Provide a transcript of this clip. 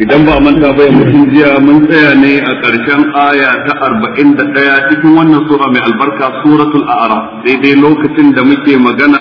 idan ba manta ba mutum jiya mun tsaya ne a ƙarshen aya ta arba'in da ɗaya cikin wannan sura mai albarka suratul a'raf daidai lokacin da muke magana